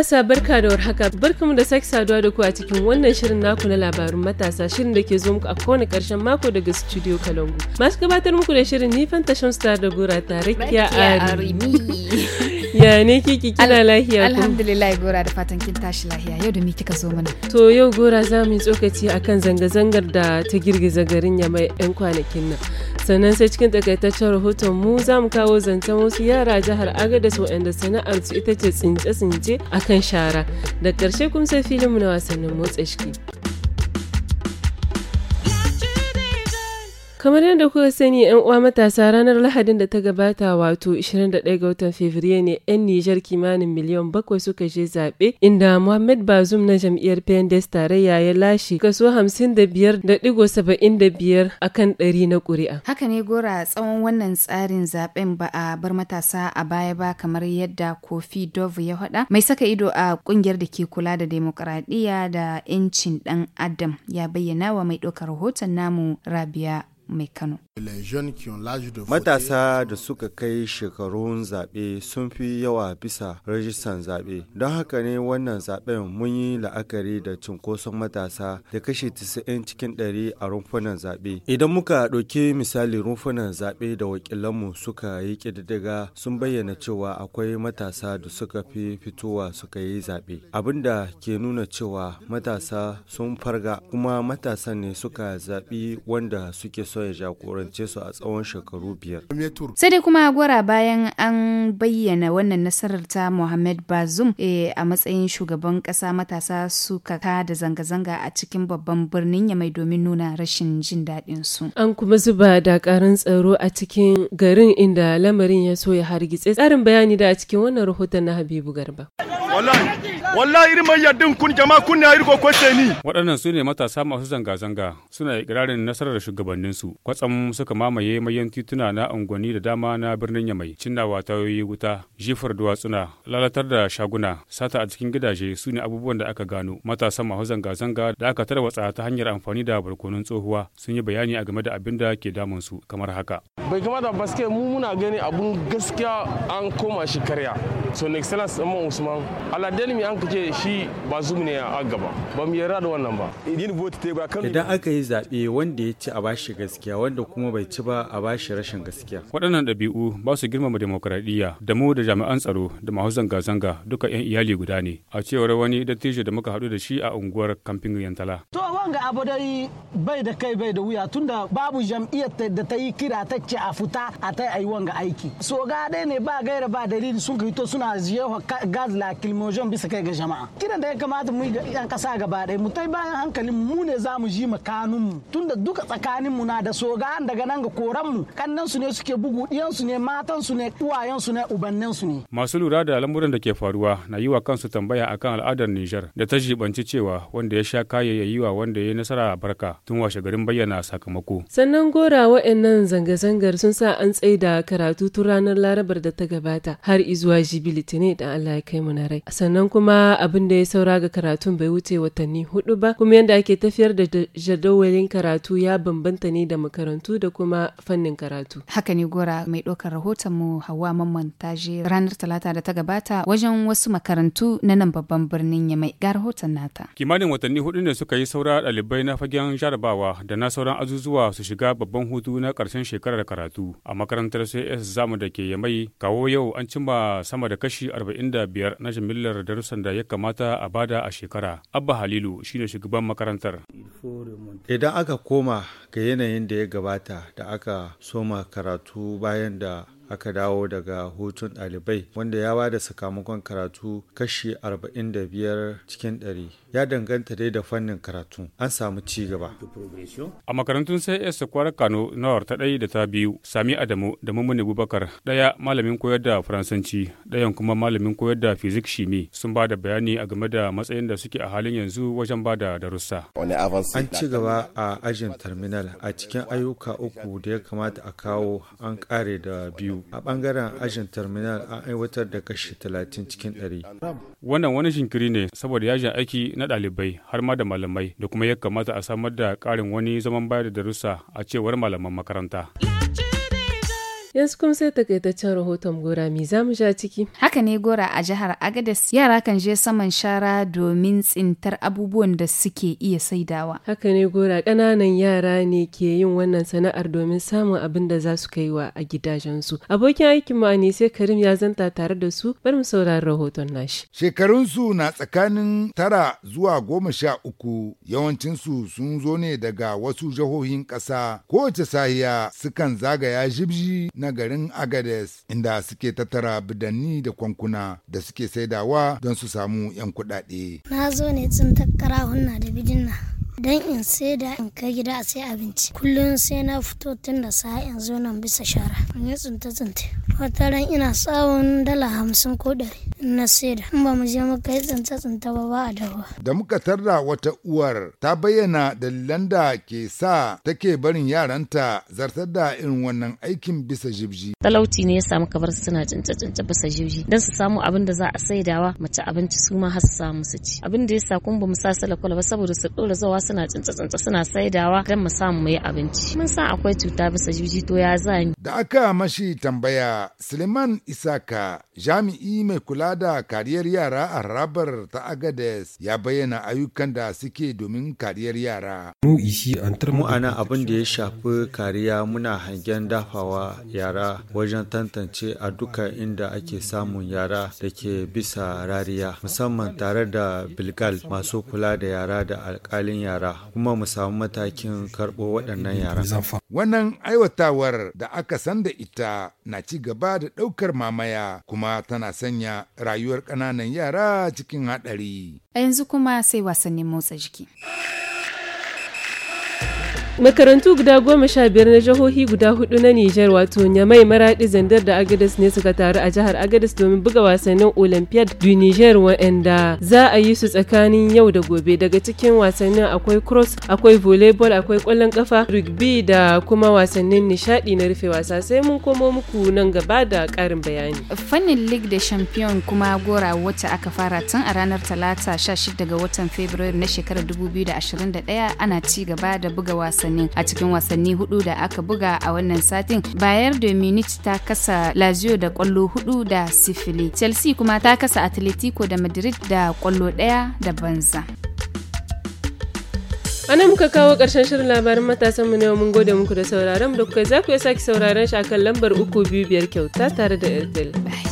Matasa barka da warhaka barkamu da sake saduwa da ku a cikin wannan shirin naku na labarun matasa shirin da ke zo muku a kowane karshen mako daga studio Kalangu. Masu gabatar muku da shirin ni shan Star da Gora tare kiya Arimi. ya ne kiki kina lahiya alhamdulillah gora da fatan kin tashi lahiya yau da me kika zo mana to yau gora za mu yi tsokaci akan zanga-zangar da ta girgiza garin ya mai yan kwanakin nan sannan sai cikin takaitaccen rahoton mu za mu kawo zancen wasu yara jihar agadas waɗanda sana'arsu ita ce tsince-tsince akan shara da ƙarshe kuma sai mu na wasannin motsa shi Kamar yadda kuka sani 'yan uwa matasa ranar Lahadin da ta gabata wato 21 ga watan Fabrairu ne 'yan Nijar kimanin miliyan bakwai suka je zaɓe inda Muhammad Bazum na jam'iyyar pendes tarayya ya lashe kaso 55.75 akan ɗari na ƙuri'a. Haka ne gora tsawon wannan tsarin zaɓen ba a bar matasa a baya ba kamar yadda Kofi Dove ya faɗa. Mai saka ido a ƙungiyar da ke kula da demokradiyya da 'yancin ɗan Adam ya bayyana wa mai ɗaukar rahoton namu Rabia mai Kano. Matasa da suka kai shekarun zaɓe sun fi yawa bisa rajistan zaɓe. Don haka ne wannan zaɓen mun yi la'akari da cunkoson matasa da kashe 90 cikin 100 a rumfunan zaɓe. Idan muka ɗauki misali rumfunan zaɓe da wakilanmu suka yi ƙididdiga sun bayyana cewa akwai matasa da suka fi fitowa suka yi zaɓe. Abin da ke nuna cewa matasa sun farga kuma matasan ne suka zaɓi wanda suke so ya jagorance su a tsawon shekaru biyar. Sai dai kuma gwara bayan an bayyana wannan nasarar ta Mohamed Bazoum eh, a matsayin shugaban ƙasa matasa suka ka da zanga-zanga a cikin babban birnin Yamai domin nuna rashin jin daɗin su. An kuma zuba da karin tsaro a cikin garin inda lamarin ya so ya hargitse. Tsarin bayani da a cikin wannan rahoton na Habibu Garba. wallahi irin mai yardin kun jama kun ne irko kwace ni waɗannan su ne matasa masu zanga-zanga suna ikirarin nasarar shugabanninsu kwatsam suka mamaye mayan tituna na unguwanni da dama na birnin yamai cinnawa tayoyi wuta jifar duwatsuna lalatar da shaguna sata a cikin gidaje su ne abubuwan da aka gano matasa masu zanga-zanga da aka tarwatsa ta hanyar amfani da barkonon tsohuwa sun yi bayani a game da abin da ke damun su kamar haka bai kamata baske mu muna gani abun gaskiya an koma shi karya son excellence amma usman aladen mi an kace shi ba zum ne a gaba ba mu yarda da wannan ba idan aka yi zaɓe wanda ya ci a bashi gaskiya wanda kuma bai ci ba a bashi rashin gaskiya waɗannan dabi'u ba su girmama demokradiyya da mu da jami'an tsaro da masu zanga-zanga duka 'yan iyali guda ne a cewar wani dattijo da muka hadu da shi a unguwar kamfin yantala to wanga abu dai bai da kai bai da wuya tunda babu jam'iyyar da ta yi kira ta ce a fita a ta yi wanga aiki so ga dai ne ba gaira ba dalili sun kai to sun suna jefa gas lacrimation bisa kai ga jama'a kiran da ya kamata mu ga yan kasa gaba ɗaya mu tai bayan hankalin mu ne za mu ji makanun mu tunda duka tsakanin mu na da soga daga nan ga koran mu kannan su ne suke bugu ɗiyan su ne matan su ne uwayen su ne ubannin su ne masu lura da lamuran da ke faruwa na yi wa kansu tambaya akan al'adar niger da ta jibanci cewa wanda ya sha kaye ya yi wa wanda ya nasara a barka tun washe garin bayyana sakamako sannan gora wa'annan zanga-zangar sun sa an tsaida karatu tun ranar larabar da ta gabata har izuwa jibi jibi litinin idan Allah ya kai mu na rai sannan kuma abin da ya saura ga karatun bai wuce watanni hudu ba kuma yadda ake tafiyar da jadawalin karatu ya bambanta ne da makarantu da kuma fannin karatu haka ne gora mai ɗaukar rahoton mu hawa mamman ta je ranar talata da ta gabata wajen wasu makarantu na nan babban birnin yamai ga rahoton nata kimanin watanni hudu ne suka yi saura ɗalibai na fagen jarabawa da na sauran azuzuwa su shiga babban hutu na ƙarshen shekarar karatu a makarantar cs zamu da ke yamai kawo yau an cimma sama da kashi 45 na jimillar darussan da ya kamata a bada a shekara. Abba Halilu shine shugaban makarantar. Idan aka koma ga yanayin da ya gabata da aka soma karatu bayan da aka dawo daga hutun ɗalibai wanda ya ba da sakamakon karatu kashi 45 cikin 100 ya danganta dai da fannin karatu an samu ci gaba a makarantun sai kwara kano nawar ta ɗaya da ta biyu sami adamu da mummuni bubakar ɗaya malamin koyar da faransanci ɗayan kuma malamin koyar da fizik shimi sun ba da bayani a game da matsayin da suke a halin yanzu wajen ba da darussa an ci gaba a ajin terminal a cikin ayyuka uku da ya kamata a kawo an kare da biyu a bangaren ajin terminal an aiwatar da kashi talatin cikin ɗari. wannan wani shinkiri ne saboda yajin aiki na ɗalibai har ma da malamai da kuma ya kamata a samar da ƙarin wani zaman bayar da darussa a cewar malaman makaranta. Yanzu kuma sai takaitaccen rahoton Gora mi za mu sha ciki. Haka ne Gora a jihar Agadez yara kan je saman shara domin tsintar abubuwan da suke iya saidawa. Haka ne Gora ƙananan yara ne ke yin wannan sana'ar domin samun abin da za su kai wa a gidajensu. Abokin aikin mu Anise Karim ya zanta tare da su bari mu saurari rahoton nashi. Shekarunsu na tsakanin tara zuwa goma sha uku yawancinsu sun zo ne daga wasu jihohin ƙasa kowace sahiya sukan zagaya jibji na garin Agades inda suke tattara bidanni da kwankuna da suke saidawa don su samu 'yan kuɗaɗe. Na zo ne tun takkara hunna da bidinna. don in sai da in kai gida a sai abinci kullum sai na fito tun da sa in zo nan bisa shara in yi tsinta tsinta wata ran ina tsawon dala hamsin ko ɗari na sai in ba mu je muka yi tsinta tsinta ba ba a dawa. da muka tarda wata uwar ta bayyana dalilan da ke sa take barin yaranta zartar da irin wannan aikin bisa jibji. talauci ne ya samu kamar suna tsinta tsinta bisa jibji don su samu abin da za a saidawa mace abinci su ma har su samu su ci abin da ya sa kun ba mu sa salakwala ba saboda su ɗora zawa suna suna saidawa don mu samu abinci mun san akwai cuta bisa juji to ya zani da aka mashi tambaya Suleiman Isaka jami'i mai kula da kariyar yara a rabar ta Agades ya bayyana ayyukan da suke domin kariyar yara mu ishi an mu ana abin da ya shafi kariya muna hangen dafawa yara wajen tantance a duka inda ake samun yara da ke bisa rariya musamman tare da bilgal masu kula da yara da alkalin yara yara kuma mu samu matakin karɓo waɗannan yaran. Wannan aiwatawar da aka san da ita na ci gaba da ɗaukar mamaya kuma tana sanya rayuwar ƙananan yara cikin haɗari. A yanzu kuma sai wasannin motsa jiki. makarantu guda goma sha biyar na jihohi guda hudu na Nijar wato Nyamai Maradi Zandar da Agadez ne suka taru a jihar Agadez domin buga wasannin Olympiad du Niger wa'anda za a yi su tsakanin yau da gobe daga cikin wasannin akwai cross akwai volleyball akwai kwallon kafa rugby da kuma wasannin nishadi na rufe wasa sai mun komo muku nan gaba da karin bayani. Fannin League da Champion kuma gora wacce aka fara tun a ranar Talata 16 ga watan february na shekarar 2021 ana ci gaba da buga wasannin a cikin wasanni hudu da aka buga a wannan satin bayar da ta kasa lazio da kwallo hudu da sifili chelsea kuma ta kasa atletico da madrid da kwallo daya da banza ana muka kawo ƙarshen shirin labarin matasan mu ne mun gode muku da sauraron da kuka zaku ya sake sauraron shi kan lambar uku biyu biyar kyauta tare da airtel